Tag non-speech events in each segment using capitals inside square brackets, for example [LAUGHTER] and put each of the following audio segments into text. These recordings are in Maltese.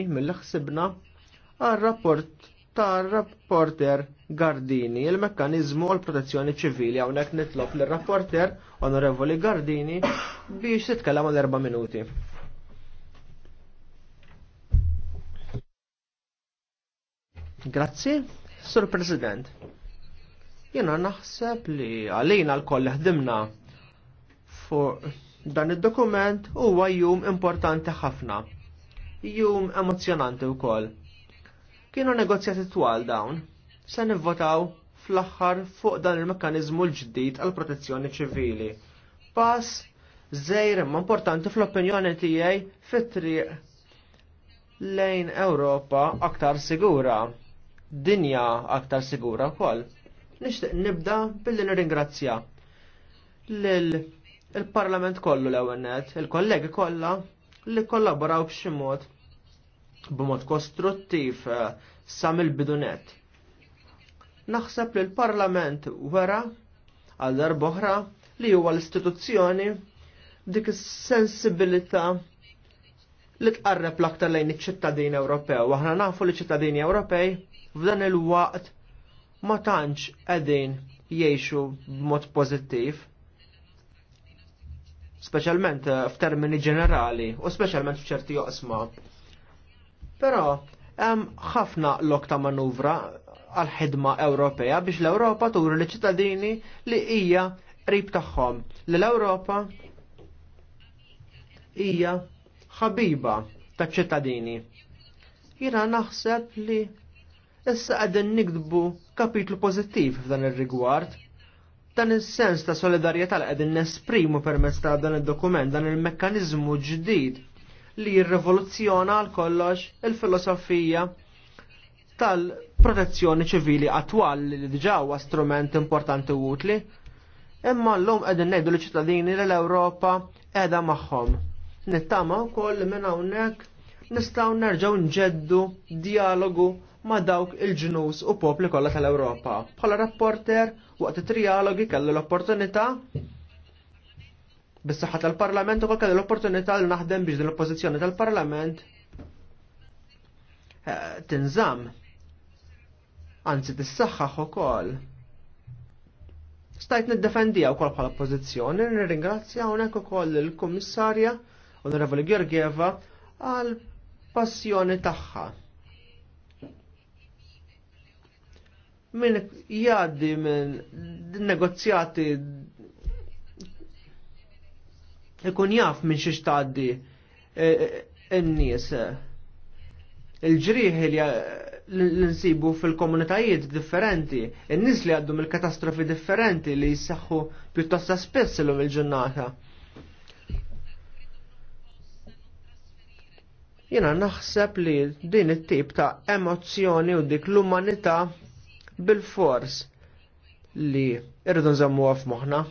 mill-ħsibna għal-rapport tar rapporter Gardini, il-mekkanizmu għal protezzjoni ċivili, għawnek nitlob l-rapporter onorevoli Gardini biex titkellem għal erba minuti. Grazzi, Sur President. Jena naħseb li għalina l-koll ħdimna fuq dan id-dokument huwa jum importanti ħafna jum emozjonanti wkoll. Kienu negozjati twal dawn, se nivvotaw fl-aħħar fuq dan il mekanizmu l-ġdid għal protezzjoni ċivili. Pass żejr ma importanti fl-opinjoni tiegħi fit-triq lejn Ewropa aktar sigura, dinja aktar sigura wkoll. Nixtieq nibda billi nirringrazzja ingrazzja il-Parlament kollu l-ewennet, il-kollegi kollha li kollaboraw b'xi mod b'mod kostruttiv eh, sa mill-bidunet. Naħseb li l-Parlament wera għal darboħra li huwa l-istituzzjoni dik is-sensibilità li tqarreb l-aktar lejn iċ-ċittadini Ewropew. Aħna nafu li ċittadini Ewropej f'dan il-waqt ma tantx qegħdin jgħixu b'mod pożittiv. Speċjalment eh, f'termini ġenerali u speċjalment f'ċerti joqsma. Però hemm ħafna lok ta' manuvra għal ħidma Ewropea biex l-Ewropa turi li ċittadini li hija qrib tagħhom. Li l-Ewropa hija ħabiba taċ ċittadini. Jiena naħseb li issa qegħdin nikdbu kapitlu pożittiv f'dan ir-rigward dan is-sens ta' solidarjetà li qegħdin nesprimu permezz ta' dan id-dokument, dan il-mekkaniżmu ġdid li jirrevoluzzjona għal kollox il-filosofija tal-protezzjoni ċivili attwal li diġa strument importanti u utli, imma l-lum qegħdin ngħidu li ċittadini li l-Ewropa qiegħda maħħom. Nittama wkoll minn hawnhekk nistgħu nerġgħu nġeddu dialogu ma' dawk il-ġnus u popli kollha tal-Ewropa. Bħala rapporter waqt it-trialogi kellu l-opportunità bis-saħħa tal-Parlament u kelli l-opportunità li naħdem biex din l-oppożizzjoni tal-Parlament eh, tinżamm. Anzi tis tissaħħaħ ukoll. Stajt niddefendija wkoll bħala oppożizzjoni, nirringrazzja hawnhekk ukoll il-Kummissarja Onorevoli Georgieva għal passjoni tagħha. Min jgħaddi minn negozjati ikun jaf minn xiex tgħaddi e, e, n-nies. Il-ġrieħ li l-insibu fil-komunitajiet differenti, n-nies li għaddu mill-katastrofi differenti li jissaħħu pjuttost spess l il-ġurnata. Jena naħseb li din it-tip ta' emozzjoni u dik l-umanità bil-fors li irridu għaf f'moħħna.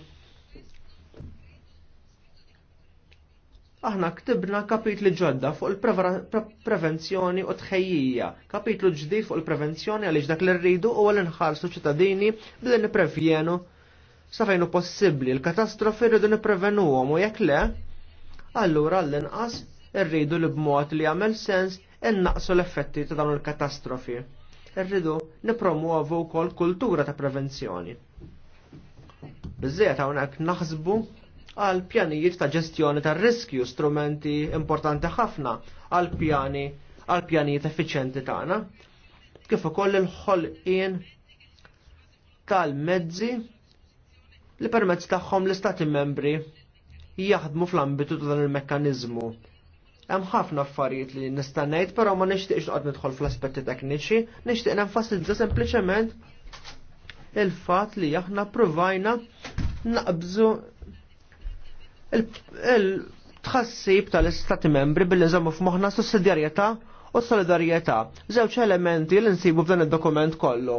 aħna ktibna kapitli ġodda fuq il-prevenzjoni u tħejjija, kapitlu ġdid fuq il-prevenzjoni għaliex dak li rridu u għal inħarsu ċittadini billi niprevjenu sa fejnu possibbli l-katastrofi rridu niprevenuhom u jekk le, allura l-inqas irridu li b'mod li jagħmel sens innaqsu l-effetti ta' dawn il-katastrofi. Irridu nipromuovu wkoll kultura ta' prevenzjoni. Biżejjed hawnhekk naħsbu għal pjanijiet ta' ġestjoni ta' riskju strumenti importanti ħafna għal pjani għal pjanijiet effiċenti tagħna. Kif ukoll il-ħolqien tal-mezzi li permezz tagħhom l-istati membri jaħdmu fl-ambitu ta' dan il-mekkaniżmu. Hemm ħafna affarijiet li nista' ngħid, però ma nixtieqx noqgħod nidħol fl-aspetti tekniċi, nixtieq nenfasizza sempliċement il-fatt li aħna provajna naqbżu il-tħassib tal-Istati membri billi f f'moħħna sussidjarjetà u solidarjetà, żewġ elementi li nsibu f'dan id-dokument kollu.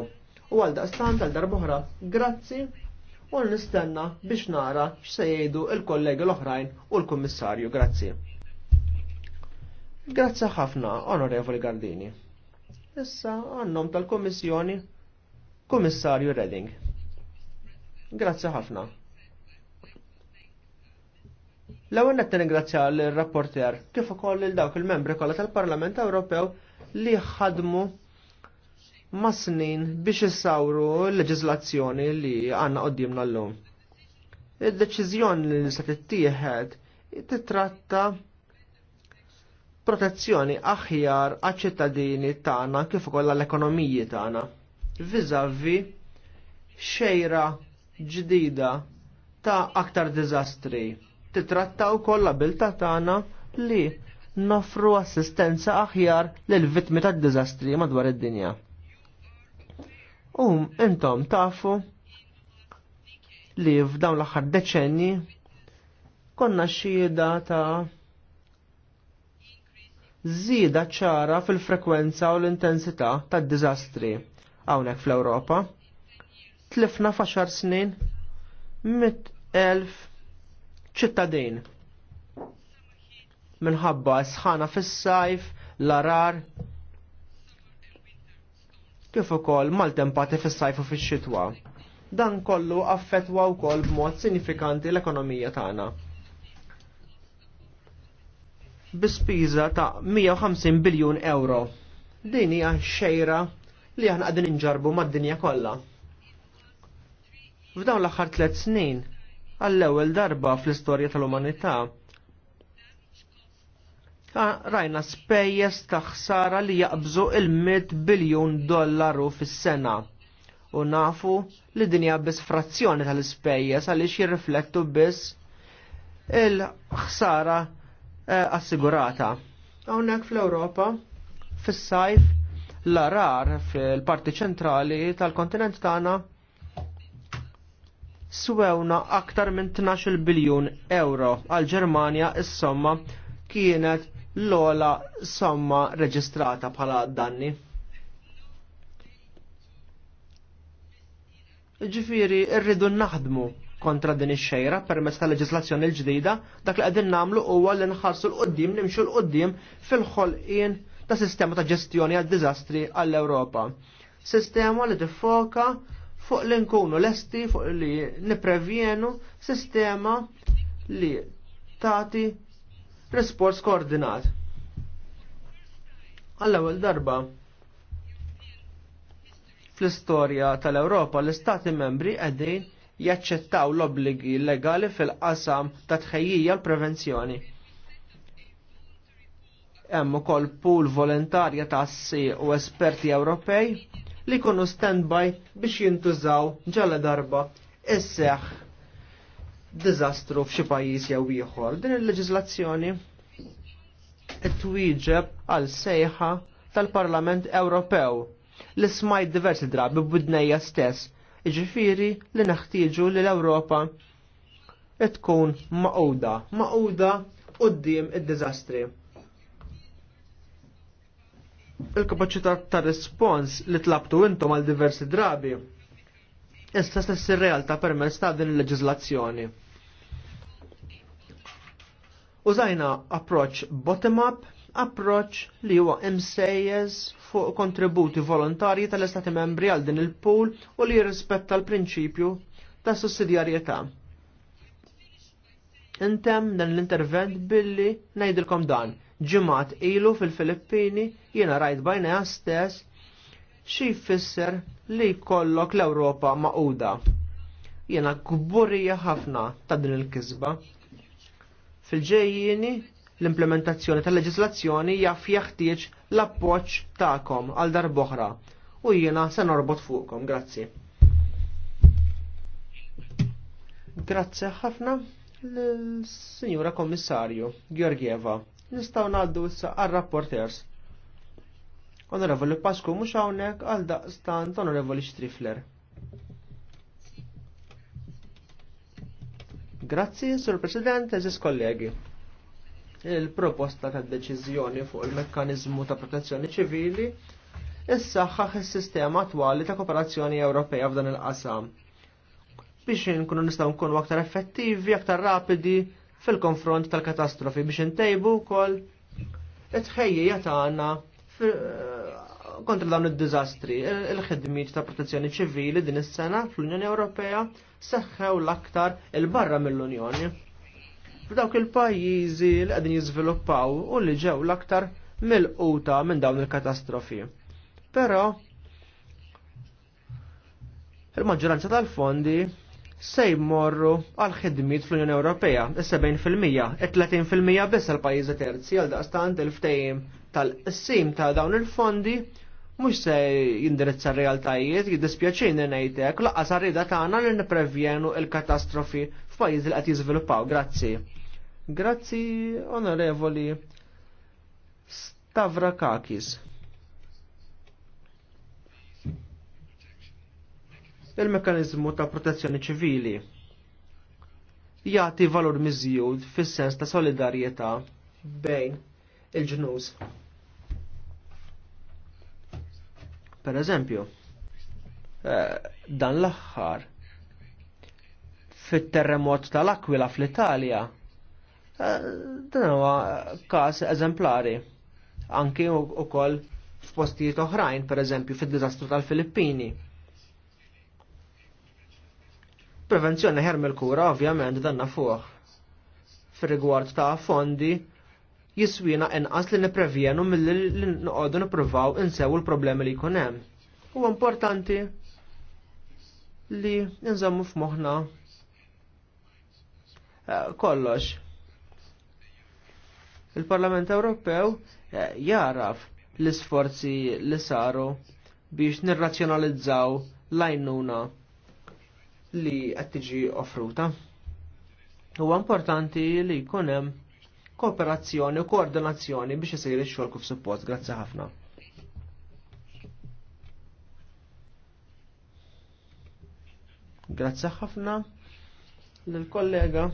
U għal daqstan tal-darbohra, grazzi u nistenna biex nara x'se jgħidu il-kollegi l-oħrajn u l-Kummissarju, grazzi. Grazzi ħafna, Onorevoli Gardini. Issa għannom tal-Kommissjoni, Kummissarju Redding. Grazzi ħafna. L-ewwel qed ningrazzja l-rapporter kif ukoll il dawk il-membri kollha tal-Parlament Ewropew li ħadmu ma' snin biex issawru l-leġiżlazzjoni li għandna qoddimna llum. Id-deċiżjoni li se tittieħed titratta protezzjoni aħjar għaċ-ċittadini tagħna kif ukoll għall-ekonomiji tagħna. Viżavi xejra ġdida ta' aktar diżastri titrattaw l bil tagħna li nofru assistenza aħjar lil vittmi tad-diżastri madwar id-dinja. um, intom tafu li f'dawn l-aħħar deċenni konna xhieda ta' żieda ċara fil-frekwenza u l-intensità tad-diżastri hawnhekk fl-Ewropa. Tlifna faċar snin mit elf ċittadin. Minħabba sħana fis-sajf, l-arar, kif ukoll maltempati fis-sajf u fix-xitwa. Dan kollu affettwa wkoll b'mod sinifikanti l-ekonomija tagħna. Bispiża ta' 150 biljun euro. Din hija xejra li aħna qegħdin inġarbu mad-dinja kollha. F'dawn l-aħħar tliet snin għall-ewwel darba fl-istorja tal-umanità. Rajna spejjeż ta' ħsara li jaqbżu il-100 biljun dollaru fis-sena u nafu li dinja biss frazzjoni tal-ispejjeż għaliex jirriflettu biss il-ħsara eh, assigurata. Hawnhekk fl-Ewropa fis-sajf l-arar fil-parti ċentrali tal-kontinent tagħna swewna aktar minn 12 biljun euro għal Ġermanja is-somma kienet l-ola somma reġistrata bħala danni. Ġifiri, rridu naħdmu kontra din ix-xejra permezz tal-leġislazzjoni l-ġdida, dak li qegħdin nagħmlu huwa li nħarsu l-qudiem nimxu l-qudiem fil-ħolqien ta' sistema ta' ġestjoni għad-diżastri għall-Ewropa. Sistema li tiffoka fuq li nkunu lesti, fuq li niprevjenu sistema li tati rispors koordinat. Għall-ewwel darba fl-istorja tal-Ewropa l-Istati membri qegħdin jaċċettaw l-obbligi legali fil-qasam ta' tħejjija l-prevenzjoni. Hemm ukoll pool volontarja ta' assi u esperti Ewropej li jkunu standby biex jintużaw ġala darba esseħ diżastru f'xi pajjiż jew ieħor. Din il-leġiżlazzjoni twieġeb għal sejħa tal-Parlament Ewropew li smajt diversi drabi b'budnejja stess, iġifiri li neħtieġu li l-Ewropa tkun maquda, maquda qudiem id-diżastri il-kapacità ta' respons li tlabtu intom għal diversi drabi. Issa stess ir-realtà permezz ta' din il-leġiżlazzjoni. Użajna approċ bottom-up, approċ li huwa imsejjes e fuq kontributi volontarji tal-Istati membri għal din il-pool u li jirrispetta l-prinċipju ta' sussidjarjetà. Intem dan l-intervent billi ngħidilkom dan ġimat ilu fil-Filippini jiena rajt bajna stess xi jfisser li jkollok l-Ewropa maquda. Jiena kburija ħafna ta' din il-kisba. fil ġejjini l-implementazzjoni tal-leġislazzjoni jaf jaħtieġ l-appoġġ tagħkom għal darboħra u jiena se norbot fuqkom. Grazzi. Grazzi ħafna l-Sinjura Kommissarju Georgieva. Nistaw naddu issa għal-rapporters. Onorevoli Pasku mux hawnhekk għal daqstant Onorevoli Strifler. Grazzi, Sur President, eżis kollegi. Il-proposta ta' deċiżjoni fuq il-mekkanizmu ta' protezzjoni ċivili issaħħaħ is-sistema attwali ta' kooperazzjoni Ewropea f'dan il-qasam. Biex nkunu nistgħu nkunu aktar effettivi, aktar rapidi, fil-konfront tal-katastrofi biex intejbu wkoll it-ħejjija tagħna kontra dawn id-diżastri. Il-ħidmiet ta' protezzjoni ċivili din is-sena fl-Unjoni Ewropea seħħew l-aktar il-barra mill-Unjoni. F'dawk il-pajjiżi li qegħdin jiżviluppaw u li ġew l-aktar mill-quta minn dawn il-katastrofi. Però il-maġġoranza tal-fondi se jmorru għal ħidmiet fl-Unjoni Ewropea, 70%, 30% e biss għal pajjiżi terzi għal daqstant il ftehim tal-qsim ta' dawn il-fondi mhux se jindirizza realtajiet, jiddispjaċini ngħidlek laqas arrida tagħna li nipprevjenu il-katastrofi f'pajjiżi li qed jiżviluppaw. Grazzi. Grazzi onorevoli Stavrakakis. il-mekanizmu ta' protezzjoni ċivili. Jagħti valur miżjud fis-sens ta' solidarjetà bejn il-ġnus. Per eżempju, eh, dan l-aħħar fit-terremot tal-Aquila fl-Italja, eh, dan huwa każ eżemplari. Anki ukoll f'postijiet oħrajn, per eżempju, fid-diżastru tal-Filippini Prevenzjoni ħermi l kura ovvjament danna fuq. Fir-rigward ta' fondi jiswina inqas li neprevjenu mill-li noqogħdu nippruvaw insewu l-problemi li jkun hemm. Huwa importanti li nżammu f'moħħna eh, kollox. Il-Parlament Ewropew eh, jaraf l-isforzi li saru biex nirrazzjonalizzaw l-għajnuna li qed tiġi offruta. Huwa importanti li jkun hemm kooperazzjoni u koordinazzjoni biex isir ix-xogħol kif suppost. Grazzi ħafna. Grazzi ħafna lill-kollega.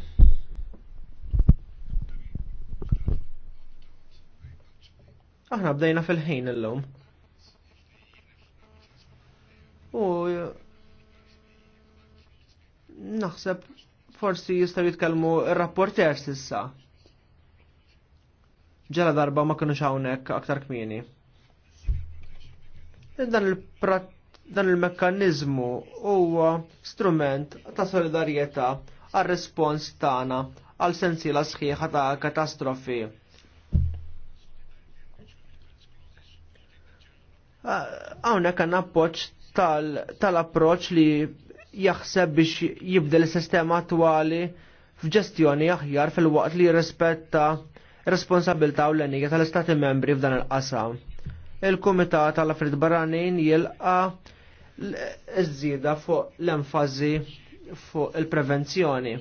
Aħna bdejna fil-ħin illum. U Naħseb forsi jistaw jitkellmu rapporter sissa. Ġala darba ma kienu hawnhekk aktar kmieni. Dan il mekkanizmu huwa strument ta' solidarjetà għal respons tagħna għal la sħiħa ta' katastrofi. Ah, hawnhekk għanna appoġġ tal-approċċ li jaħseb biex jibdel is-sistema attwali f'ġestjoni aħjar fil-waqt li jirrispetta responsabilta u l-enija tal-Istati membri f'dan il-qasam. Il-Kumitat tal-Afrid Barranin jilqa iż-żieda fuq l-enfazi fuq il-prevenzjoni.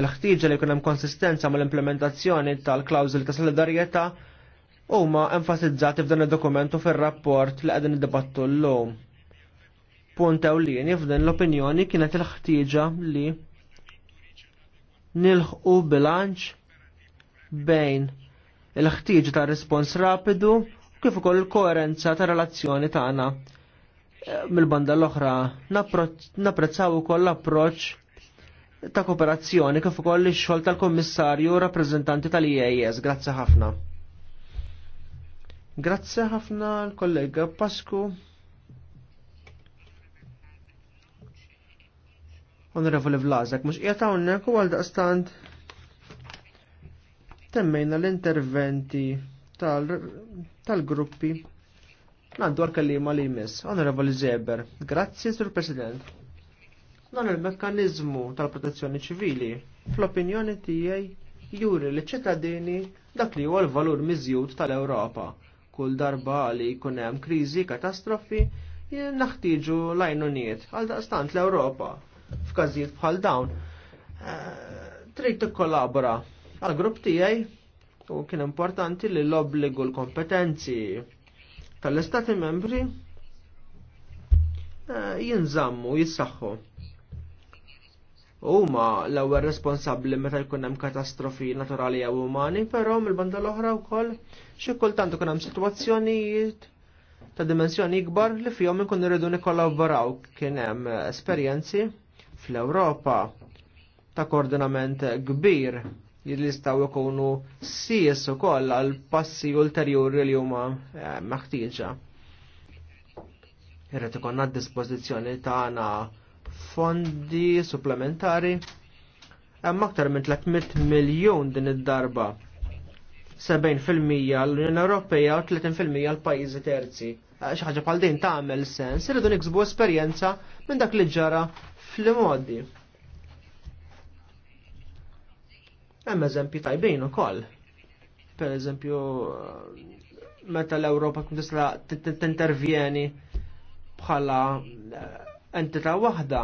Il-ħtieġa li kunem konsistenza mal implementazzjoni tal-klawżil ta' solidarjetà huma enfasizzati f'dan id-dokumentu fir-rapport li qegħdin iddibattu llum punt ewlieni f'din l-opinjoni kienet il-ħtieġa li nilħqu bilanċ bejn il-ħtieġ ta' respons rapidu kif ukoll il-koerenza ta' relazzjoni tagħna e, mill-banda l-oħra napprezzaw ukoll l-approċċ ta' kooperazzjoni kif ukoll ix-xogħol tal-Kummissarju rappreżentanti tal-IAS. Grazzi ħafna. Grazzi ħafna l-kollega Pasku. Onorevoli Vlazak, mux qiegħed hawnhekk u daqstant temmejna l-interventi tal-gruppi Nandu għal-kallima li jmiss, Onorevoli Zeber, grazzi, Sur President. Dan il-mekkanizmu tal-protezzjoni ċivili, fl-opinjoni tiegħi juri li ċittadini dak li huwa l-valur miżjud tal-Ewropa. Kull darba li jkun hemm kriżi, katastrofi, naħtiġu lajnuniet għal daqstant l-Ewropa f'każijiet bħal dawn. Eh, Trid tikkollabora għal grupp tiegħi u kien importanti li l-obbligu l-kompetenzi tal-Istati membri eh, jinżammu, jissaħħu. Huma l-ewwel responsabbli meta jkun hemm katastrofi naturali jew umani, però mill-banda l-oħra wkoll xi kultant ikun hemm sitwazzjonijiet ta' dimensjoni ikbar li fihom inkun irridu nikkollaboraw kien hemm esperjenzi fl-Ewropa ta' koordinament kbir jillistaw ikunu sies ukoll għal passi ulterjuri li huma eh, meħtieġa. Irrid ikun għad dispożizzjoni tagħna fondi supplementari hemm aktar minn 300 miljun din id-darba. 70% l-Unjoni Ewropea u 30% l-pajjiżi terzi xi ħaġa bħal din tagħmel sens, irridu niksbu esperjenza minn dak li ġara fl-modi. Hemm eżempji tajbin ukoll. Per eżempju, meta l-Ewropa kun tisla tintervjeni bħala eh, entità waħda.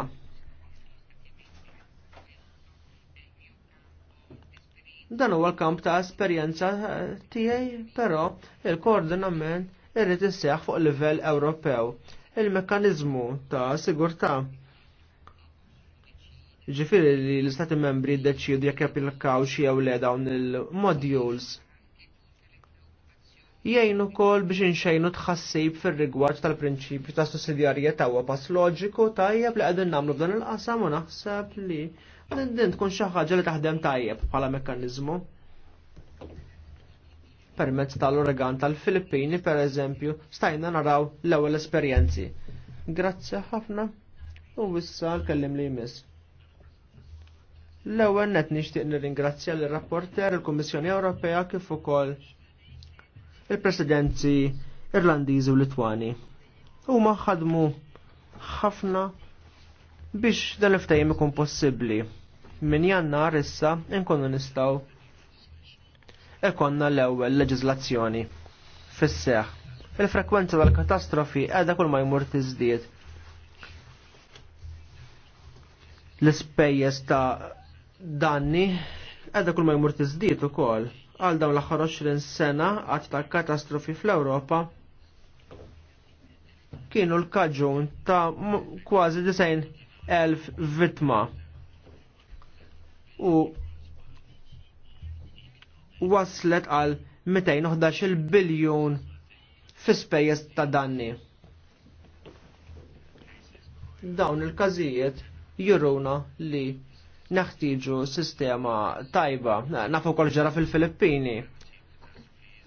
Dan huwa l-kamp ta' esperjenza eh, tiegħi, però il-koordinament irrid isseħħ fuq livell Ewropew il-mekkaniżmu ta' sigurtà. Ġifieri li l-Istati membri jiddeċiedu jekk jappilkaw xi jew le dawn il-modules. Jgħinu kol biex inxejnu tħassib fir-rigward tal-prinċipju ta' sussidjarjetà huwa pass loġiku tajjeb li qegħdin nagħmlu f'dan il-qasam u naħseb li din tkun xi ħaġa li taħdem tajjeb bħala mekkaniżmu. Permezz tal-uragan tal-Filippini, per eżempju, stajna naraw l-ewwel esperjenzi. Grazzi ħafna u wissa l-kellim li jmiss. L-ewwel net nixtieq nirringrazzja l rapporter il-Kummissjoni Ewropea kif ukoll il-Presidenzi Irlandiżi u Litwani. Huma ħadmu ħafna biex dan l-ftajim ikun possibbli. Min jannar issa nkunu nistgħu ikonna l-ewwel leġizlazzjoni fis seħħ Il-frekwenza tal-katastrofi qiegħda kull ma jmur tiżdied. L-ispejjeż ta' danni qiegħda kull ma jmur tiżdied ukoll għal dawn l-aħħar 20 sena għad ta' katastrofi fl-Ewropa kienu l-kaġun ta' kważi 90 elf vittma. U waslet għal 211 biljun fi spejjeż ta' danni. Dawn il-każijiet juruna li naħtiġu sistema tajba, nafu kol ġara fil-Filippini.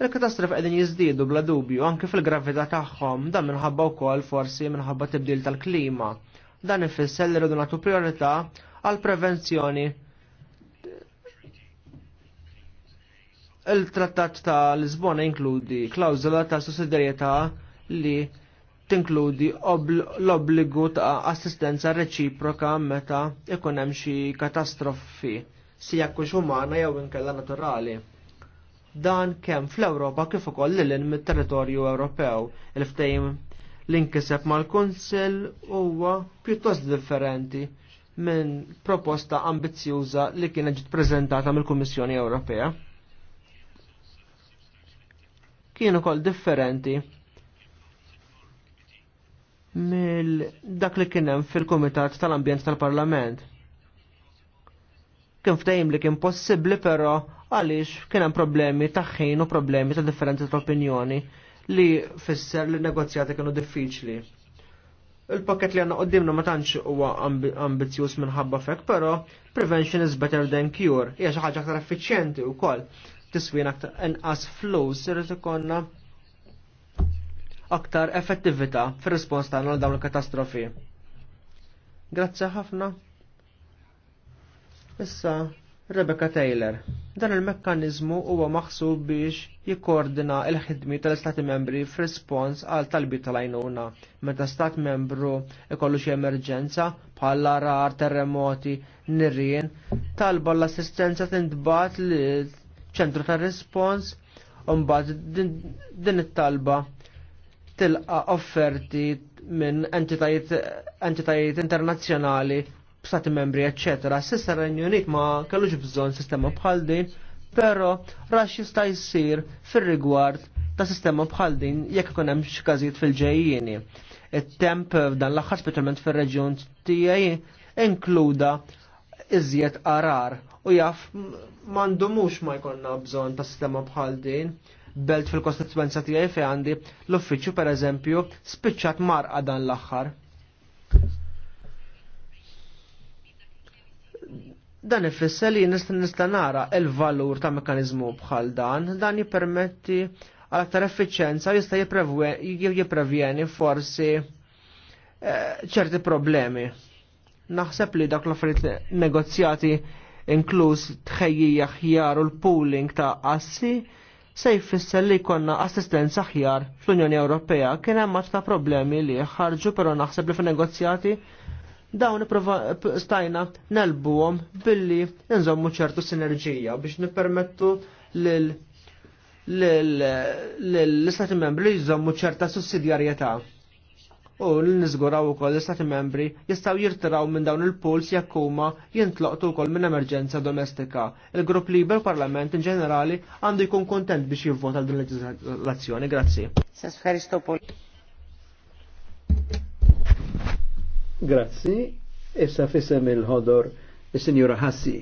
Il-katastrofi qegħdin jiżdiedu bla dubju anke fil-gravità tagħhom dan minħabba wkoll forsi minħabba tibdil tal-klima. Dan ifisser li rridu nagħtu priorità għal prevenzjoni Il-trattat ta' Lisbona inkludi klawzula ta' sussidjarjetà li tinkludi l-obbligu ta' assistenza reċiproka meta ikun hemm xi katastrofi si jekkux umana jew inkella naturali. Dan kemm fl-Ewropa kif ukoll lilin mit-territorju Ewropew il-ftehim l-inkiseb mal-Kunsill huwa pjuttost differenti minn proposta ambizzjuża li kienet ġiet preżentata mill-Kummissjoni Ewropea kienu kol differenti mill dak li kienem fil-Komitat tal-Ambjent tal-Parlament. Kien ftajim li kien possibli pero għaliex kienem problemi taħħin u problemi ta' differenti ta' opinjoni li fisser li negozjati kienu diffiċli. Il-pakket li għanna għoddimna ma tantx huwa ambizjuż minħabba fek, pero prevention is better than cure, hija xi ħaġa aktar effiċjenti wkoll aktar inqas flus, irrid ikonna aktar effettività fir-rispons tagħna għal dawn il-katastrofi. Grazzi ħafna. Issa, Rebecca Taylor. Dan il-mekkanizmu huwa maħsub biex jikkoordina l-ħidmi tal istati membri f'rispons għal talbi tal-għajnuna. Meta Stat membru ikollu xi emerġenza bħal rar, terremoti, nirrien, talba l-assistenza tintbat li ċentru ta' respons, mbagħad din it-talba tilqa offerti minn entitajiet internazzjonali b'stati membri, eccetera. Sissa Renju Unit ma kellux bżonn sistema bħal din, però rax jista' jsir fir-rigward ta' sistema bħal din jekk ikun hemm xi każijiet fil-ġejjieni. It-temp f'dan l-aħħar speċjalment fir-reġjun tiegħi inkluda iżjed arar u jaf m'għandhomux ma jkollna bżonn ta' sistema bħal din. Belt fil-kostituenza tiegħi fejn għandi l-uffiċċju pereżempju spiċċat marqa dan l-aħħar. Dan ifisser li nista' nara l-valur ta' mekkaniżmu bħal dan, dan jippermetti għal aktar effiċenza jista' jipprevjeni forsi eh, ċerti problemi. Naħseb li dak l-affarijiet negozjati inkluż tħejjija ħjar u l-pooling ta' assi se jfisser li jkollna assistenza ħjar fl-Unjoni Ewropea kien hemm ta' problemi li ħarġu però naħseb li fin-negozjati dawn stajna nelbuhom billi nżommu ċertu sinerġija biex nippermettu lil l-istati membri li jżommu ċerta sussidjarjetà u l-nizguraw u koll l-istati membri jistaw jirtiraw minn dawn il-puls jekk huma jintloqtu wkoll minn emerġenza domestika. Il-grupp liber parlament in ġenerali għandu jkun kontent biex jivvota din l azzjoni Grazzi. Grazzi. Issa fissem il-ħodor il sinjura Hassi.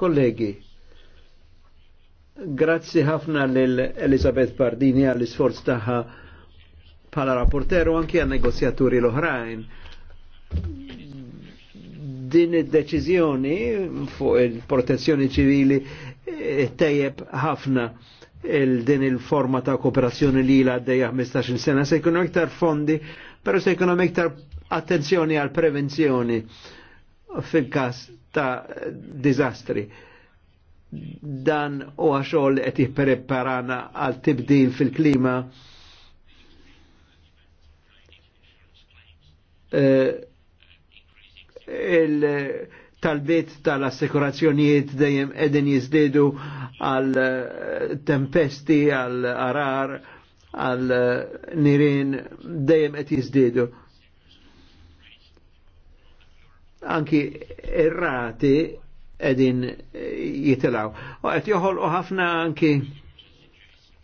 Kollegi, Grazzi ħafna lil Elisabeth Pardini għall isforz tagħha bħala rapporter u anki għal negozjaturi l-oħrajn. Din id-deċiżjoni fuq il-protezzjoni ċivili eh, tejjeb ħafna il din il-forma ta' kooperazzjoni li la għaddeja 15 sena se jkunu iktar fondi, pero se jkunu iktar attenzjoni għal prevenzjoni fil-kas ta' dizastri dan u għaxol qed jippreparana għal tibdil fil-klima eh, il-talbiet tal-assikurazzjonijiet dejjem edin jizdidu għal eh, tempesti, għal arar, għal eh, nirin dejjem qed jizdidu. Anki irrati edin eh, jitilaw. U għet joħol u ħafna anki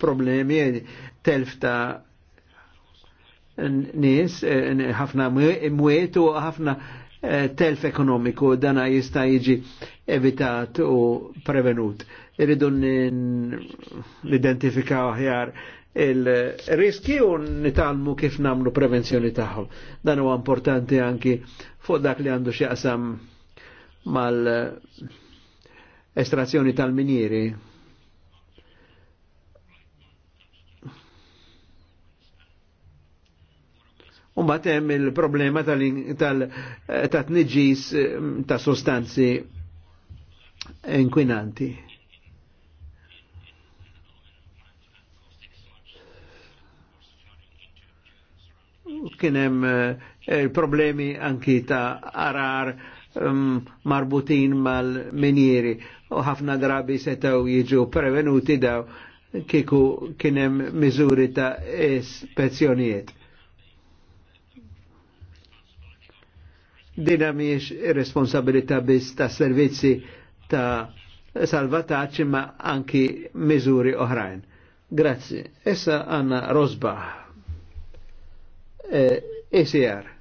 problemi telf ta' nis, ħafna mwiet u ħafna eh, telf ekonomiku dana jista jiġi evitat u prevenut. Irridu l-identifikaw ħjar il-riski u nitalmu kif namlu prevenzjoni taħħu. Dan huwa importanti anki fuq dak li għandu xieqsam mal-estrazzjoni tal-minieri. Un batem il-problema tal-tniġis eh, eh, ta' sostanzi inquinanti. kienem eh, il-problemi anki ta' arar Um, marbutin mal-minjeri u ħafna drabi setaw jiġu prevenuti daw kiku kienem mizuri ta' ispezzjonijiet. Dina miex responsabilità biss ta' servizzi ta' salvataċ ma anki mizuri oħrajn. Grazzi. Essa għanna Rosbach. Eh, ECR.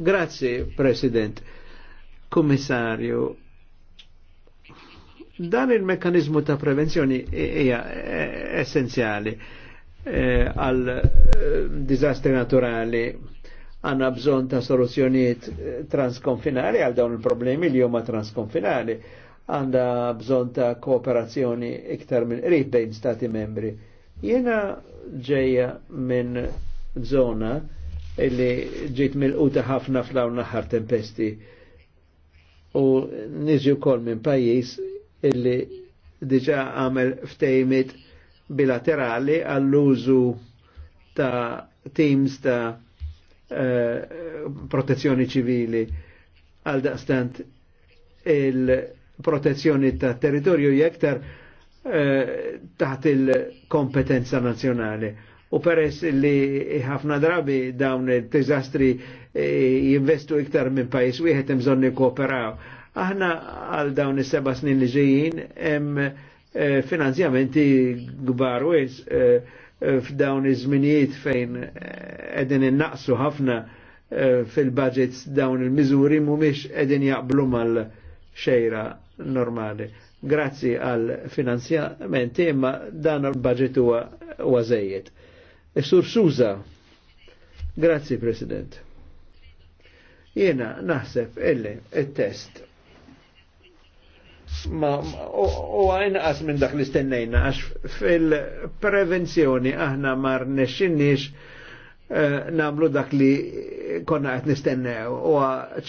Grazie, President. Kommissarju, dan il-mekkanizmu ta' prevenzjoni hija eh, essenzjali eh, għal eh, disastri naturali għanna bżon ta' soluzzjoniet transkonfinali għal dawn il-problemi li huma transkonfinali għanda bżon ta' kooperazzjoni iktar minn qrib bejn stati membri. Jena ġeja minn zona illi ġiet mill-quta ħafna fl-hawn naħar tempesti u niġi wkoll minn pajjiż illi diġà għamel ftejmit bilaterali għall-użu ta' teams ta' uh, protezzjoni ċivili għal daqstant il-protezzjoni ta' territorju jektar uh, taħt il-kompetenza nazjonali u peress li ħafna drabi dawn il-dizastri eh, jinvestu iktar minn pajis wieħed hemm bżonn nikkooperaw. Aħna għal dawn is-seba' snin li ġejjin hemm eh, finanzjamenti kbar wis eh, f'dawn iż-żminijiet fejn qegħdin innaqsu ħafna fil-budgets dawn il-miżuri mhumiex qegħdin jaqblu mal-xejra normali grazzi għal finanzjamenti imma dan il-budget huwa żejjed. Sur Suza. Grazie, President. Jena naħseb illi il-test ma u għas minn dak li stennejna għax fil-prevenzjoni aħna mar nexxinniex eh, namlu dak li konna għat nistennew u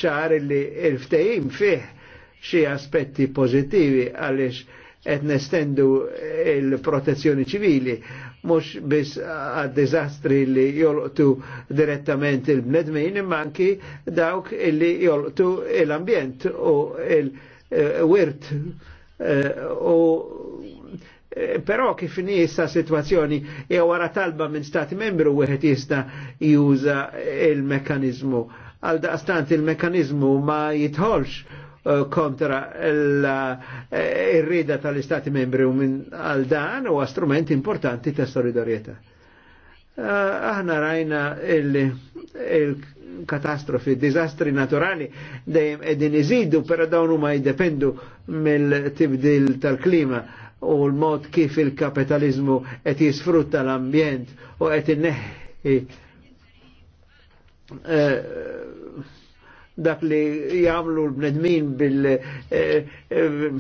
ċar li il-ftejim fih xie aspetti pozittivi għalix qed nestendu il-protezzjoni ċivili mux bis għad-dizastri li jolqtu direttament il-bnedmin, imma anki dawk li jolqtu l-ambjent u l-wirt. Eh, u eh, Però kif nisa situazzjoni jew wara talba minn stati membru wieħed jista' juża il-mekanizmu. Għal daqstant il-mekanizmu ma jitħolx Eh, kontra eh, il-rida tal-Istati membri u minn għal dan u strumenti importanti ta' solidarieta. Eh, aħna rajna il-katastrofi, disastri naturali dejjem edin iżidu, pero dawnu ma jiddependu mill-tibdil tal-klima u l-mod kif il-kapitalizmu qed jisfrutta l-ambjent u qed inneħħi dak li jagħmlu l-bnedmin bil- eh, eh,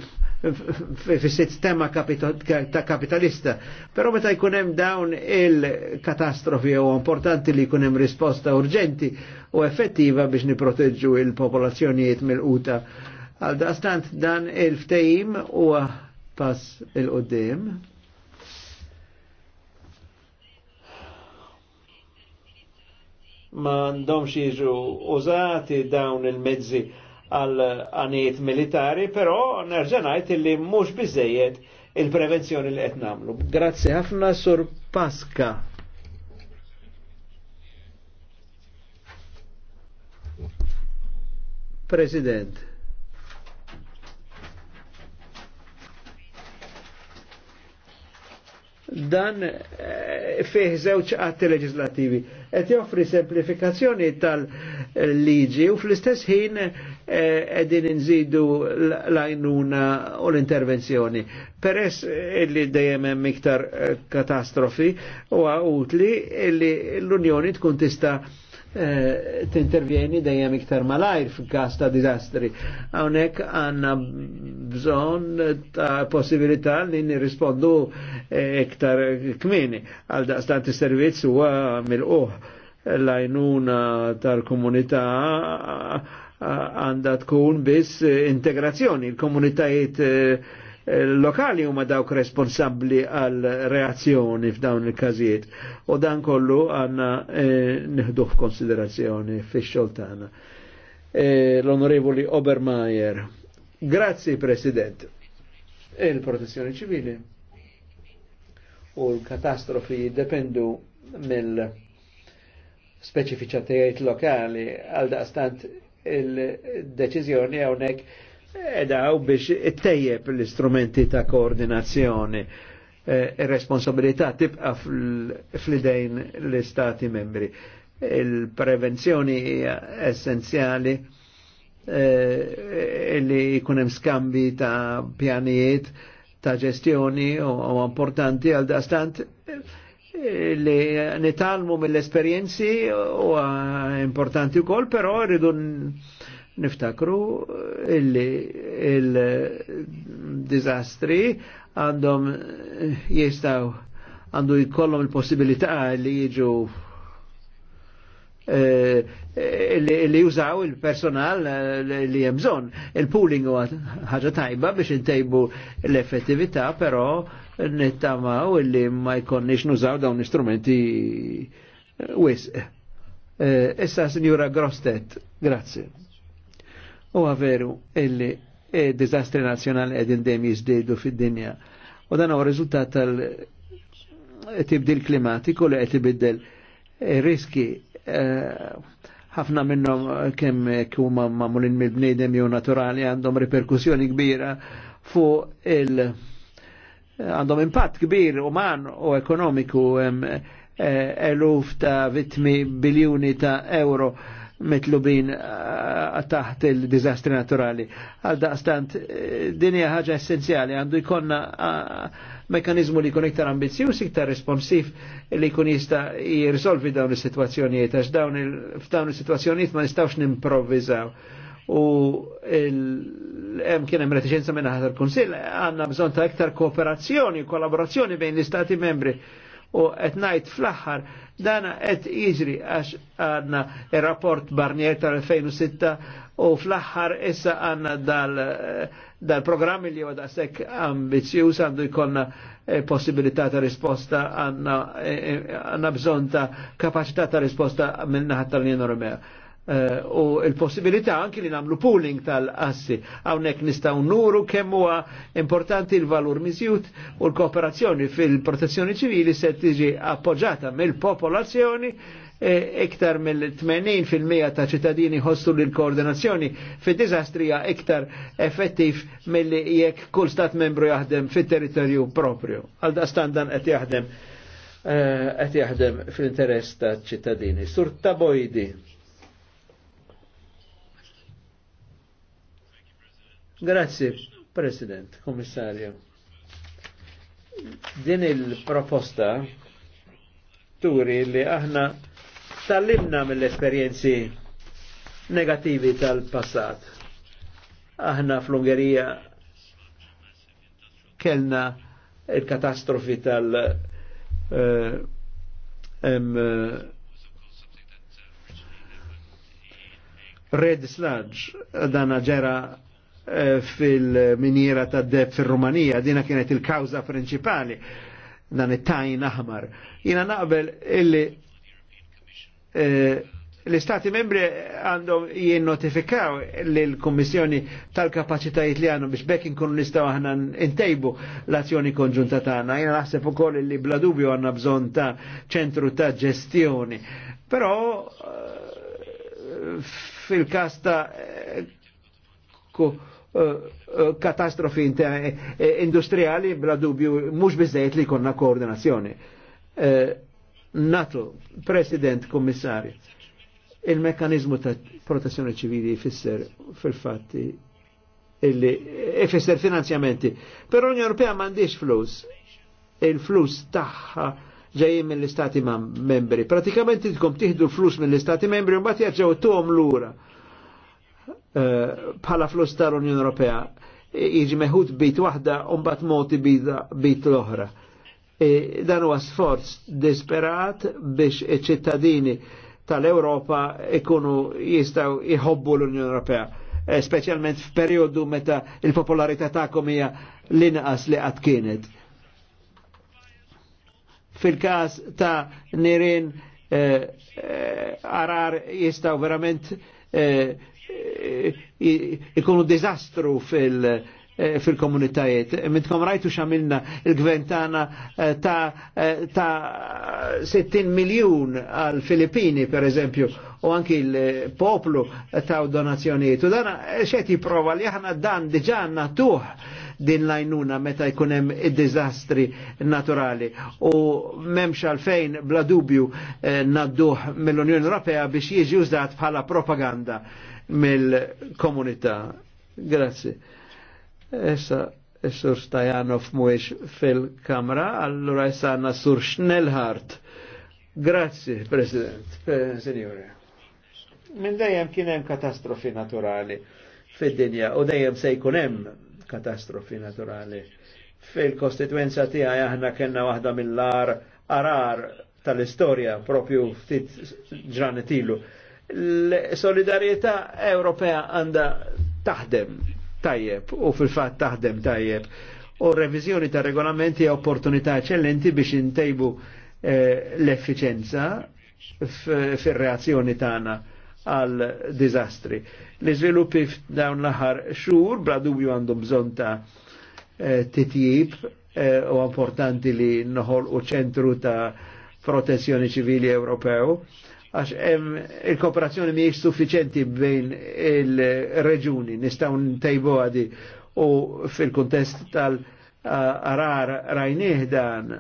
fil-sistema ta' kapitalista. Pero meta jkun hemm dawn il-katastrofi u importanti li jkun hemm risposta urġenti u effettiva biex niproteġġu il-popolazzjonijiet mill-quta. Għal dastant dan il-ftejim u pass il-qoddim. Ma ndomx jiġu użati dawn il-mezzi għal għaniet militari, però nerġanajt li mux bizzejiet il-prevenzjoni li qed Grazie Grazzi ħafna sur Pasqa. President. Dan eh, fih zewċ atti leġislativi. Et joffri semplifikazzjoni tal-liġi u fl-istess ħin eh, edin nżidu l'ajnuna u l-intervenzjoni. Peress illi dejjem hemm iktar eh, katastrofi u utli illi l-Unjoni tkun tista' Eh, t-intervjeni dejjem iktar malajr f'każ ta' diżastri. Għonek għanna bżon ta' possibilità li nirrispondu eh, iktar kmini għal daqstant is-servizz huwa mil-uħ lajnuna tal-komunità eh, għandha tkun biss integrazzjoni, il-komunitajiet uh, lokali huma dawk responsabbli għal reazzjoni f'dawn il-każijiet u dan kollu għandna eh, nieħdu f'konsiderazzjoni fix-xogħol tagħna. Eh, L-Onorevoli Obermeier. Grazzi President. Il-protezzjoni ċivili u l-katastrofi jiddependu mill speċifiċatajiet lokali għal daqstant il-deċizjoni għonek edaw eh, biex tejjeb l-istrumenti ta' koordinazzjoni. e eh, responsabilità tibqa fl-idejn l-Istati membri. Il-prevenzjoni hija essenzjali eh, li jkunem skambi ta' pjanijiet ta' ġestjoni u importanti għal dastant li nitalmu mill-esperienzi u importanti u kol, pero rridu niftakru illi il-dizastri għandhom jistaw għandu jkollhom il-possibilità li jiġu eh, li jużaw il-personal eh, li jemżon. Il-pooling u ħaġa tajba biex intejbu l-effettività, però nittamaw li ma jkonniex nużaw dawn l-istrumenti wisq. Eh, issa, Signora Grostet, grazie. U għaveru illi e dizastri nazjonali edin dem jizdidu fid-dinja. U dan u riżultat tal-tibdil klimatiku li qed tibdil e riski e, ħafna minnhom kemm huma magħmulin mill-bniedem jew naturali għandhom reperkussjoni kbira fu il għandhom impatt kbir uman u ekonomiku e, eluf ta' vitmi biljuni ta' euro Uh, mitlubin eh, taħt il-dizastri naturali. Għal daqstant, eh, dinja ħagġa ħaġa essenzjali, għandu jkonna eh, mekanizmu li jkun iktar ambizjus, iktar responsif li jkun jista' jirsolvi dawn il sitwazzjonijiet għax dawn il is ma nistawx nimprovizaw. U hemm kien hemm reticenza minn ħadd il-Kunsill, għandna bżonn ta' iktar kooperazzjoni, kollaborazzjoni bejn l-Istati membri u qed ngħid fl-aħħar dana qed jiġri għax għandna ir-rapport Barnier tal-2006 u fl-aħħar issa għandna dal dal-programm li huwa daqshekk ambizzjuż għandu jkollna eh, possibilità ta' risposta eh, eh, għandna bżonn ta' kapaċità ta' risposta minn naħa tal-Unjoni Ewropea Eh, u il-possibilità anki li namlu pooling tal-assi. Hawnhekk nistgħu nuru kemm huwa importanti l-valur miżjut u l-kooperazzjoni fil-protezzjoni ċivili se tiġi appoġġata mill-popolazzjoni eh, iktar mill-80% ta' ċittadini ħossu li l-koordinazzjoni fid dizastrija iktar effettiv mill-li jekk kull stat membru jaħdem fit territorju propju. Għal da standan qed jaħdem eh, qed jaħdem fl-interess ta' ċittadini. Sur tabojdi. Grazie, President, Commissario. Din il-proposta turi li aħna tallimna mill-esperienzi negativi tal-passat. Aħna fl-Ungerija kellna il-katastrofi tal- eh, em, eh, Red Sludge dana ġera Eh, fil-miniera ta' deb fil-Rumanija, dina kienet il-kawza principali dan it-tajn aħmar. Jina naqbel illi eh, l-Istati membri għandhom jien notifikaw l-Kommissjoni tal-kapacitajiet li għandhom biex bekk nkunu nistaw aħna intejbu l-azzjoni konġunta tagħna. Jiena naħseb ukoll li bla dubju għandna bżonn ta' ċentru ta' ġestjoni. Però eh, fil-kas ta' Eh, eh, katastrofi eh, industriali bla dubju mhux biżejt li konna koordinazzjoni. NATO, President, Kommissarju, il-mekanizmu ta' protezzjoni ċivili jfisser fil-fatti illi jfisser finanzjamenti. Per l-Unjoni Ewropea m'għandix flus. Il-flus tagħha ġejjin mill-istati membri. Pratikament idkom tiħdu flus mill-istati membri u mbagħad jerġgħu tuhom lura. Eh, bħala flus tal-Unjoni Ewropea jiġi meħud bit waħda un bat moti bit l-oħra. E, dan huwa sforz disperat biex iċ-ċittadini tal-Ewropa ikunu jistgħu jħobbu l-Unjoni Ewropea, e, speċjalment f'perjodu meta il-popolarità tagħkom hija l-inqas li qatt kienet. Fil-każ ta' nirin e, arar jistaw verament ikunu dizastru fil- eh, fil-komunitajiet. Mintkom rajtu xamilna il-gvern tana eh, ta', eh, ta 60 miljun għal Filippini, per eżempju, u anki il-poplu ta' donazzjonijiet. U dan xet prova li aħna dan diġan natuħ din lajnuna meta jkun hemm id naturali. U memx għalfejn bla dubju eh, nadduh mill-Unjoni Ewropea biex jiġi użat bħala propaganda mill-komunità. Grazzi. Essa Sur Stajanov mhuwiex fil-kamra, allura issa għandna Sur Schnellhardt. Grazzi, President, eh, Signore. Minn dejjem kien hemm katastrofi naturali fid-dinja u dejjem se jkun hemm katastrofi naturali. Fil-kostituenza tiegħi aħna kellna waħda mill-ar arar tal-istorja propju ftit ġranetilu. L-solidarieta Ewropea għanda taħdem tajjeb u fil-fat taħdem tajjeb u revizjoni ta' regolamenti e opportunità eccellenti biex intejbu eh, l efficienza fil-reazzjoni tagħna għal dizastri. Li sviluppi f'dawn l-aħħar xhur bla dubju għandhom bżonn ta' eh, titjib eh, u importanti li noħol u ċentru ta' protezzjoni ċivili Ewropew għax il-kooperazzjoni miex suffiċenti bejn il-reġuni, nistaw ntejbu għadi u fil-kontest tal-arar rajnieh dan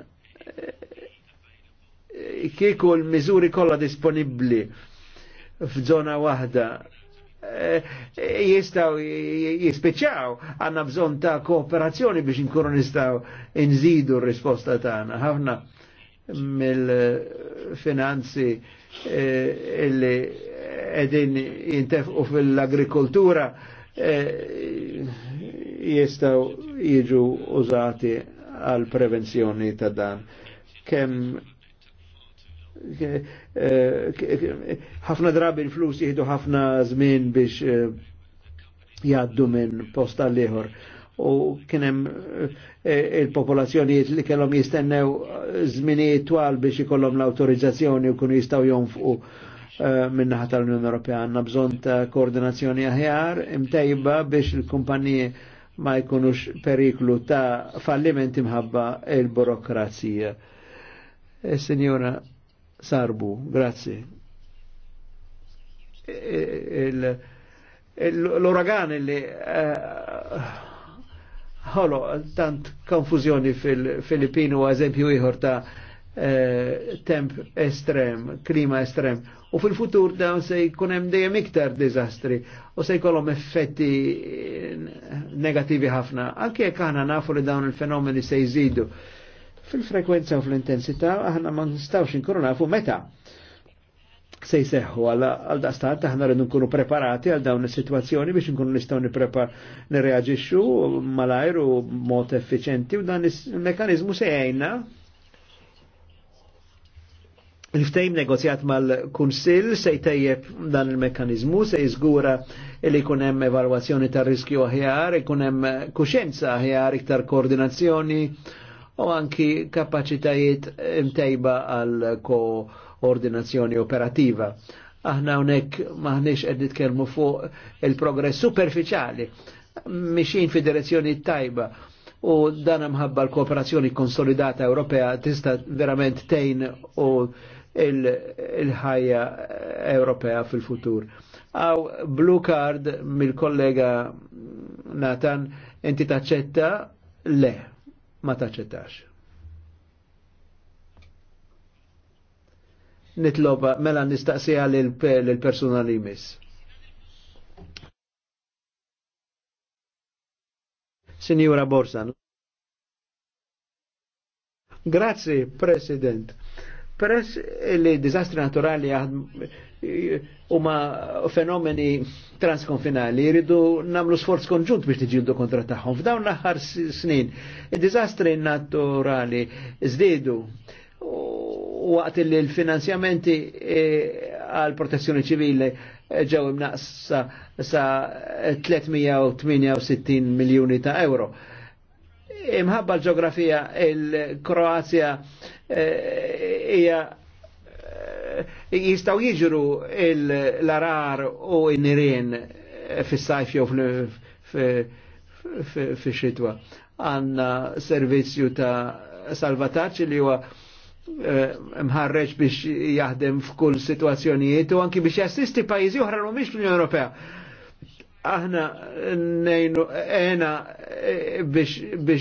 kieku l-mizuri kolla disponibli f'żona waħda e, e, jistaw e, jispiċaw għanna bżon ta' kooperazzjoni biex nkunu nistaw nżidu r-risposta tagħna. Ħafna mill-finanzi illi edin jintefqu fil-agrikoltura jistaw jiġu użati għal prevenzjoni ta' dan. Kemm ħafna drabi l-flus jihdu ħafna zmin biex eh, jaddu minn posta l U kienem eh, il-popolazzjonijiet li kellhom jistennew eh, zminijiet twal biex ikollhom l-autorizzazzjoni u kunu jistaw jonfqu minnaħa tal-Unjoni Ewropea għandna bżonn ta' koordinazzjoni aħjar imtejba biex il-kumpaniji ma jkunux periklu ta' falliment imħabba il-burokrazija. Signora sarbu, grazzi. E, e, L-uragan li eh, ħolo tant konfuzjoni fil-Filippinu eżempju ieħor ta' eh, temp estrem, klima estrem. U fil-futur da' se jkun hemm dejjem iktar dizastri u se jkollhom effetti negativi ħafna. Anke jekk aħna nafu li dawn il-fenomeni se jżidu fil-frekwenza u fl-intensità aħna ma nistawx inkunu nafu meta se jseħħu għal daqstat aħna rridu nkunu preparati għal dawn is-sitwazzjoni biex nkunu nistgħu nipprepar nirreaġixxu malajr u mod effiċenti u dan is mekanizmu se jgħinna Il-ftejm negozjat mal-Kunsil se jtejjeb dan il mekanizmu se jżgura li jkun hemm evalwazzjoni tar riskju aħjar, ikun hemm kuxenza aħjar, iktar koordinazzjoni u anki kapacitajiet imtejba għal koordinazzjoni operativa. Aħna unek maħniex qed nitkellmu fuq il-progress superficiali, mixin fi direzzjoni tajba u dan mħabba l-kooperazzjoni konsolidata Ewropea tista' verament tejn u il-ħajja il Ewropea fil-futur. Aw blue card mill-kollega Nathan, inti taċċetta le ma taċċettax. Nitloba mela nistaqsija l-persuna li jmiss. Sinjura Borsan. Grazzi, President. Peress li dizastri naturali huma fenomeni transkonfinali jridu namlu sforz konġunt biex tiġildu kontra tagħhom. F'dawn l-aħħar snin, id-diżastri naturali żdiedu waqt li l-finanzjamenti e, għal protezzjoni ċivili e, ġew imnaqsa sa 368 miljuni ta' euro imħabba l-ġeografija il-Kroazja e, hija jistaw jiġru l-arar u n-nirien fis jow fissitwa. Għanna servizju ta' salvataċ li huwa eh, mħarreġ biex jaħdem f'kull situazzjonijiet u anki biex jassisti pajjiżi oħra l-Unjoni Ewropea aħna nejnu ena e, biex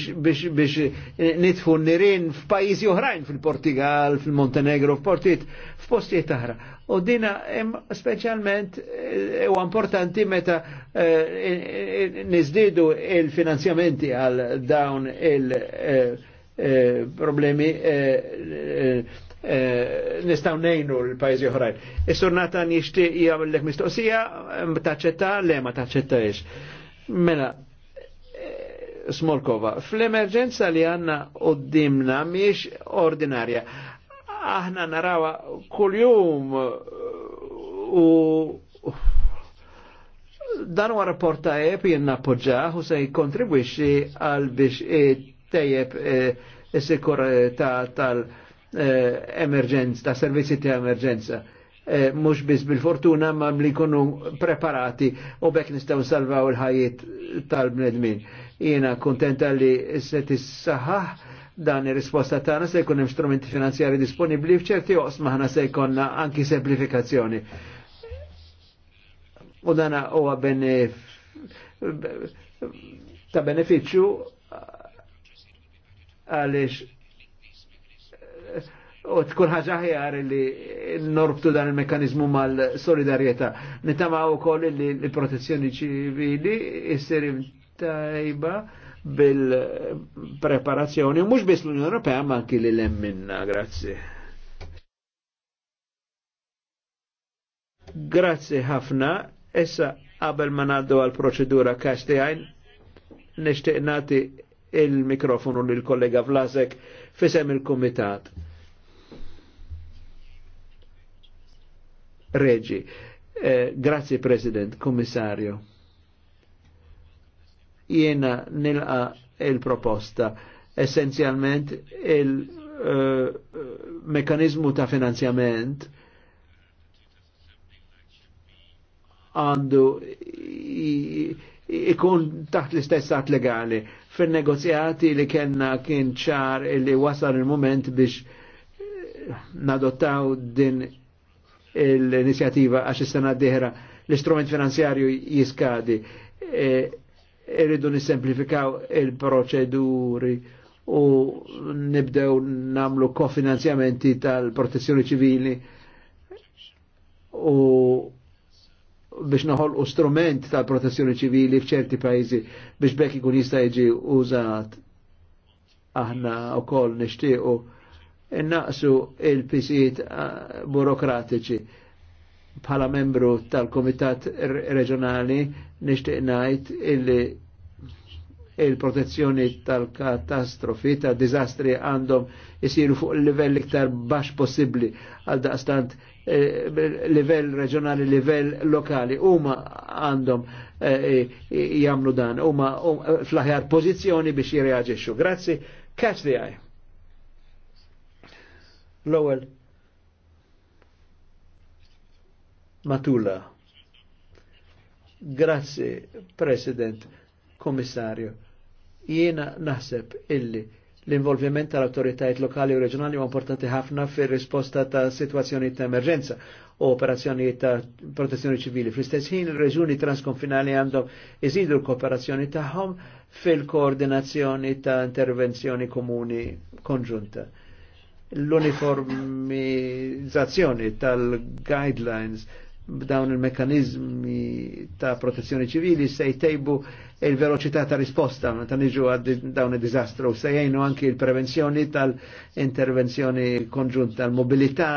e, nitfu nirin f'pajjiżi oħrajn fil-Portugal, fil-Montenegro, f'portiet, f'postijiet taħra. U dina specialment e, u importanti meta nizdidu il-finanzjamenti għal dawn il-problemi Eh, nistaw nejnu l-pajzi oħrajn. Is-sur Natan jixtieq jagħmellek mistoqsija taċċetta le ma ix. Mela, eh, Smolkova, fl-emerġenza li għanna u dimna miex ordinarja. Aħna narawa kuljum eh, u dan huwa rapport tajjeb jenna nappoġġah u se jikkontribwixxi għal biex tejjeb is sikur tal- ta Eh, emerġenza, ta' servizzi ta' emerġenza. Eh, mux biz bil-fortuna ma li kunu preparati u bekk nistaw salvaw il-ħajiet tal-bnedmin. Jena kontenta li se tissaħħaħ dan ir-risposta tagħna se jkun hemm strumenti finanzjari disponibbli f'ċerti oqsma ħna se jkollna anki semplifikazzjoni. U dan huwa ta' beneficju għaliex u tkun ħaġa ħjar li norbtu dan il-mekanizmu mal-solidarieta. Nitama u koll li l-protezzjoni ċivili jissir tajba bil-preparazzjoni, mux bis l-Unjoni Europea ma anki li l-emminna, grazzi. Grazzi ħafna, essa qabel ma naddu għal proċedura kastijajn, nishtiq nati il-mikrofonu l kollega Vlasek fisem il-Komitat. reġi. Eh, Grazzi President, Kommissarju. Jena nilqa il-proposta. Essenzjalment il-mekanizmu eh, ta' finanzjament għandu ikun taħt l-istess għat legali. Fin-negozjati li kena kien ċar li wasal il-moment biex nadottaw din l-inizjativa għax is-sena d-dieħra l-istrument finanzjarju jiskadi. E, irridu e, nissemplifikaw il-proċeduri u nibdew namlu kofinanzjamenti tal-protezzjoni ċivili u biex naħol u strument tal-protezzjoni ċivili f'ċerti pajjiżi biex bekk ikun jista' jiġi użat aħna wkoll nixtiequ Innaqsu il-pisijiet eh, burokratiċi bħala membru tal-Komitat Reġjonali nixtieq ngħid illi il-protezzjoni tal-katastrofi, tal-dizastri għandhom jisiru fuq il-livell iktar baxx possibli għal daqstant eh, livell reġjonali, livell lokali, huma għandhom eh, jamlu dan, huma fl-aħjar pożizzjoni biex jirreaġixxu. Grazzi, kaċ li għaj. L-ewwel Matula. Grazzi, President, Kommissarju. Jiena naħseb illi l-involviment tal-autoritajiet lokali u reġjonali huwa importanti ħafna fir-risposta ta' situazzjoni ta' emerġenza u operazzjonijiet ta' protezzjoni ċivili. Fl-istess ħin il-reġuni transkonfinali għandhom iżidu l-kooperazzjoni tagħhom fil-koordinazzjoni ta' intervenzjoni komuni konġunta l-uniformizzazzjoni tal-guidelines b'dawn il-mekanizmi ta' protezzjoni ċivili se jtejbu il-veloċità ta' risposta ta' niġu għad dawn il-dizastru, se jgħinu anki il-prevenzjoni tal-intervenzjoni konġunta, tal-mobilità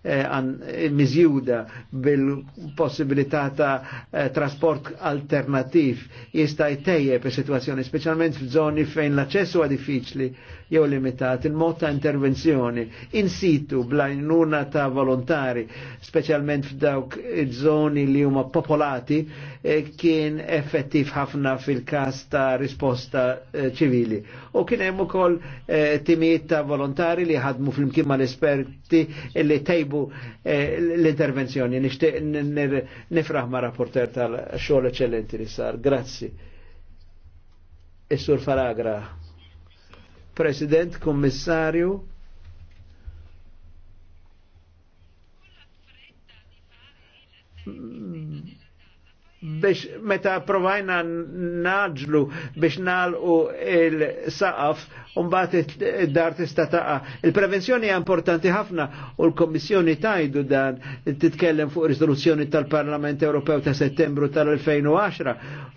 eh, mizjuda bil-possibilità ta' eh, trasport alternativ jista' per situazzjoni, specialment f'żoni fejn l-aċċessu għad diffiċli jew limitat il-mod ta' intervenzjoni in situ blajnuna ta' volontari, speċjalment f'dawk iż-żoni li huma popolati, e, kien effettiv ħafna fil-każ ta' risposta e, ċivili. U kien hemm ukoll e, timijiet ta' volontari li ħadmu fl-imkien mal-esperti li tejbu l-intervenzjoni. Nixtieq nifraħ ma' rapporter tal-xogħol eċċellenti li sar. Grazzi. Is-sur Faragra. President, Kommissarju biex meta provajna naġlu biex nalqu il-saqaf Umbat id-dar tista taqa. Il-prevenzjoni hija importanti ħafna u l-Kommissjoni tajdu dan titkellem fuq risoluzzjoni tal-Parlament Ewropew ta' Settembru tal-2010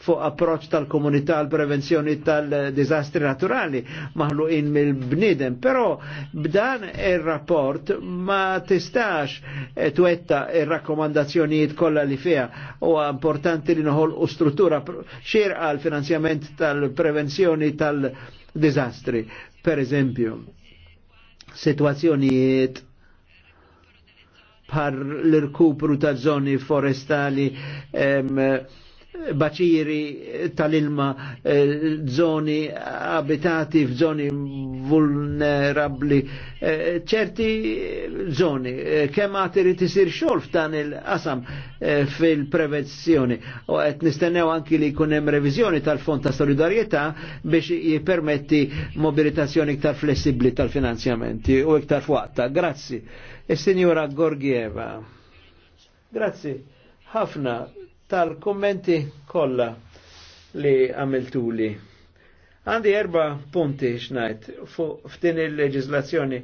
fuq approċ tal-komunità għal prevenzjoni tal-dizastri naturali maħluqin mill-bnidem. Però b'dan ir-rapport ma tistax twetta ir-rakkomandazzjonijiet kollha li fiha u importanti importanti li noħol u struttura xer għal finanzjament tal-prevenzjoni tal-dizastri. Per eżempju, situazzjonijiet par l-irkupru ta' zoni forestali em, baċiri tal-ilma eh, zoni abitati f'żoni vulnerabli eh, ċerti zoni eh, kemm għatiri irid isir xogħol f'dan il-qasam fil-prevenzjoni u qed nistennew anki li jkun hemm tal-Fond ta' solidarieta biex jippermetti mobilitazzjoni iktar flessibbli tal-finanzjamenti u iktar fuqta. Grazzi. E signora Gorgieva. Grazzi. Ħafna tal-kommenti kollha li għamiltuli. Għandi erba punti xnajt f'din il-leġizlazzjoni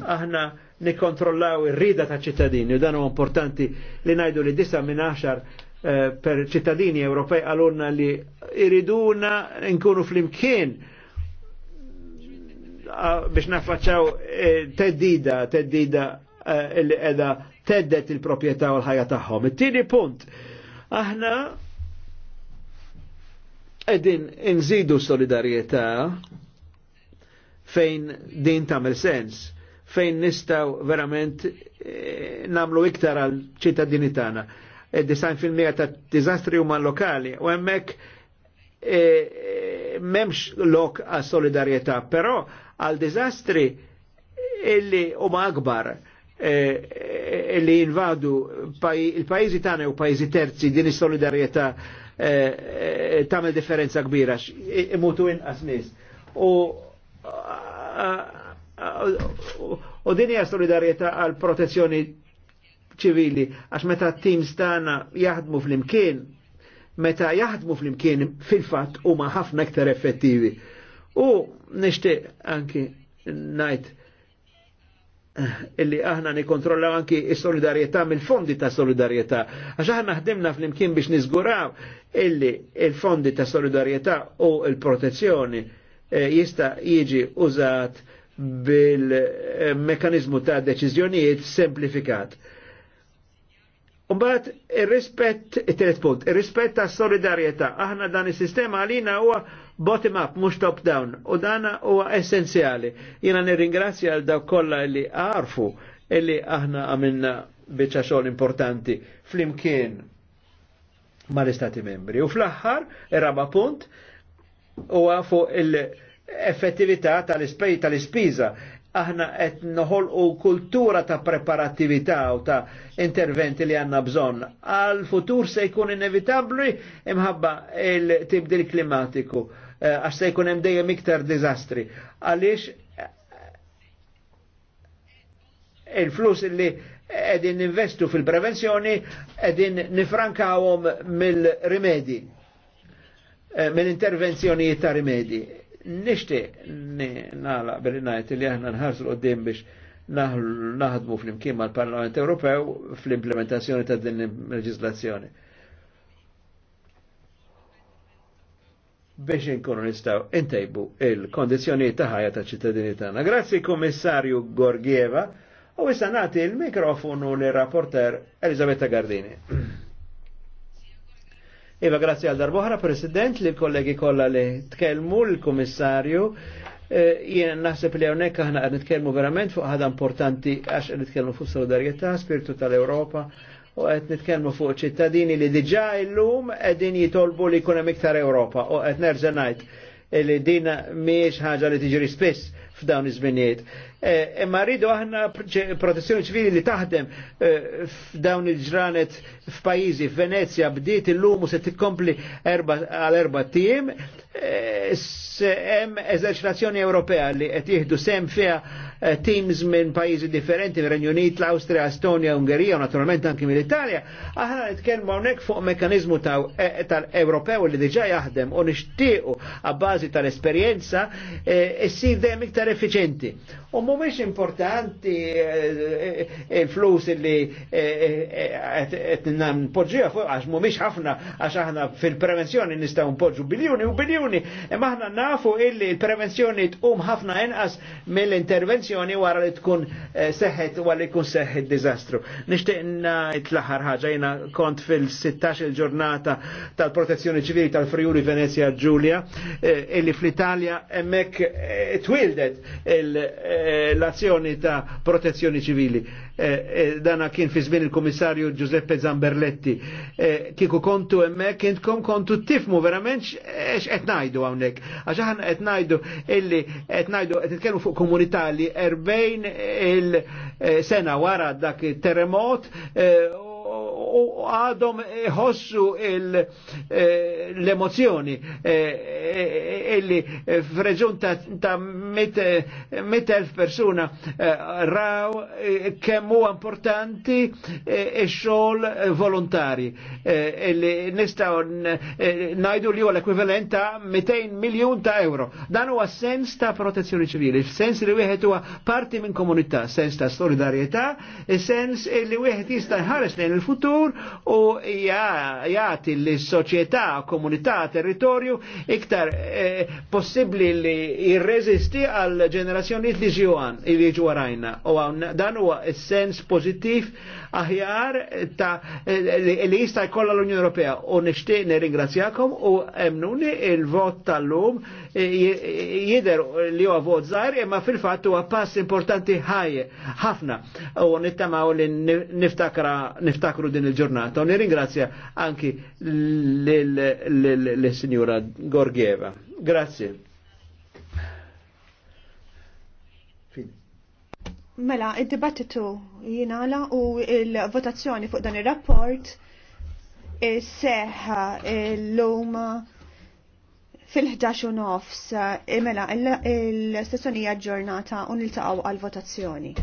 aħna nikontrollaw ir-rida ta' ċittadini u dan huwa importanti li najdu li disa minn għaxar eh, per ċittadini Ewropej għalunna li iriduna nkunu fl-imkien biex naffaċċaw eh, teddida, teddida eh, li edha teddet il-propieta u l-ħajja tagħhom. It-tieni punt Aħna edin nżidu solidarieta fejn din tamel sens, fejn nistaw verament eh, namlu iktar għal ċittadini tagħna. Id-design e fil-mija ta' dizastri huma lokali u hemmhekk eh, memx lok għal solidarieta, però għal dizastri illi huma akbar eh, li invadu il-pajizi tagħna u pajizi terzi din is-solidarjetà eh, eh, tagħmel differenza kbira imutu inqas nies. U din hija solidarjetà għal protezzjoni ċivili għax meta t-teams tagħna jaħdmu fl-imkien meta jaħdmu fl-imkien fil-fatt huma ħafna iktar effettivi. U nixtieq anki ngħid illi aħna nikontrollaw anki is-solidarjetà mill-fondi ta' solidarjetà. Għax aħna ħdimna fl-imkien biex nizguraw illi il-fondi ta' solidarjetà u il-protezzjoni eh, jista' jiġi użat bil-mekanizmu ta' deċiżjonijiet semplifikat. Umbat, il-rispett, il-telet punt, il-rispett ta' solidarieta. Aħna dan il-sistema għalina huwa bottom up, mux top down, u dana huwa essenzjali. Jina nirringrazzja għal daw kolla li għarfu illi aħna għamilna bieċa xogħol importanti flimkien mal-Istati membri. U fl-aħħar, ir-raba punt, huwa fuq l effettività tal-ispej tal-ispiża aħna qed noħolqu kultura ta' preparattività u ta' interventi li għanna bżonn. Għal futur se jkun inevitabli imħabba il-tibdil klimatiku Eh, għax se jkun hemm dejjem iktar diżastri. Għaliex eh, il-flus illi qegħdin investu fil-prevenzjoni qegħdin nifrankawhom mill-rimedi, eh, mill-intervenzjonijiet ta' rimedi. Nishti nala bil ngħid li aħna nħarsu l-qoddim biex naħdmu fl-imkien mal-Parlament Ewropew fl-implementazzjoni ta' din il-leġislazzjoni. biex inkunu nistaw intajbu il-kondizjoni ta' ħajja ta' ċittadini tagħna. Grazzi Kummissarju Gorgieva u issa nagħti il-mikrofonu lir rapporter Elizabetta Gardini. [CLEARS THROAT] Iva, grazzi għal darbohra, President, li kollegi kolla li tkellmu l-Komissarju. Eh, jien naħseb li hawnhekk aħna qed nitkellmu verament fuq ħada importanti għax qed nitkellmu fuq solidarjetà, spiritu tal-Ewropa, u qed nitkellmu fuq ċittadini li diġà illum qegħdin jitolbu li jkun hemm iktar Ewropa u qed nerġa' ngħid li din mhijiex ħaġa li tiġri spiss f'dawn iż-żminijiet. E, imma e, rridu aħna protezzjoni ċivili li taħdem e, f'dawn il-ġranet f'pajjiżi f'Venezja bdiet illum u se tikkompli għal erba' tim. E, hemm eżerċitazzjoni Ewropea li qed jieħdu sem fiha e, teams minn pajjiżi differenti, mir-Renju Unit, l-Awstrija, Estonja, Ungerija u naturalment anki mill-Italja, aħna nitkellmu hawnhekk fuq mekkaniżmu tal-Ewropew li diġà jaħdem u nixtiequ bażi tal-esperjenza issir dejjem iktar Efficienti. U mhumiex importanti il-flus eh, eh, li qed eh, npoġġuha fuq għax mhumiex ħafna għax aħna fil-prevenzjoni nistgħu npoġġu biljuni u biljuni, imma aħna nafu illi l-prevenzjoni tqum ħafna inqas mill-intervenzjoni wara li tkun seħħet wara li jkun seħħet diżastru. Nixtieq it aħħar ħaġa jiena kont fil-16 il-ġurnata tal-Protezzjoni Ċivili tal-Friuli Venezia Giulia illi fl-Italja hemmhekk twildet l-azzjoni ta' protezzjoni ċivili. Eh, eh, dana kien fi żmien il-Komissarju Giuseppe Zamberletti. Eh, Kiku kontu emmek, kintkom kontu tifmu verament x'qed ngħidu hawnhekk. Għax aħna qed ngħidu illi qed ngħidu qed nitkellmu fuq komunità li erbejn il-sena wara dak terremot għadhom ħossu eh, l-emozjoni eh, eh, illi f'reġun ta' 100.000 persuna raw kemm huwa importanti ix-xogħol volontari illi nistgħu ngħidu li huwa l-ekwivalent ta' 200 miljun ta' euro. Dan huwa sens ta' protezzjoni ċivili, sens li wieħed huwa parti minn komunità, sens ta' solidarjetà, e sens li wieħed jista' jħares lejn il-futur settur u jagħti li soċjetà komunità, territorju iktar eh, possibbli li jirreżisti għal ġenerazzjoni li ġiwan, li ġwarajna. U dan huwa sens pozittiv aħjar ta' eh, li jista' jkollha l-Unjoni Ewropea. U nixtieq nirringrazzjakom u emnuni il-vot tal-lum eh, eh, jider li huwa vot żgħir imma fil-fatt huwa pass importanti ħaj ħafna u nittamaw li niftakra niftakru din il-ġurnata. U nirringrazzja anki lill sinjura Gorgieva. Grazie. Mela, id-dibattitu jinala u il-votazzjoni fuq dan il-rapport seħħa l-lum fil-11 nofs imela e il-sessjonija ġurnata u niltaqgħu għal-votazzjoni.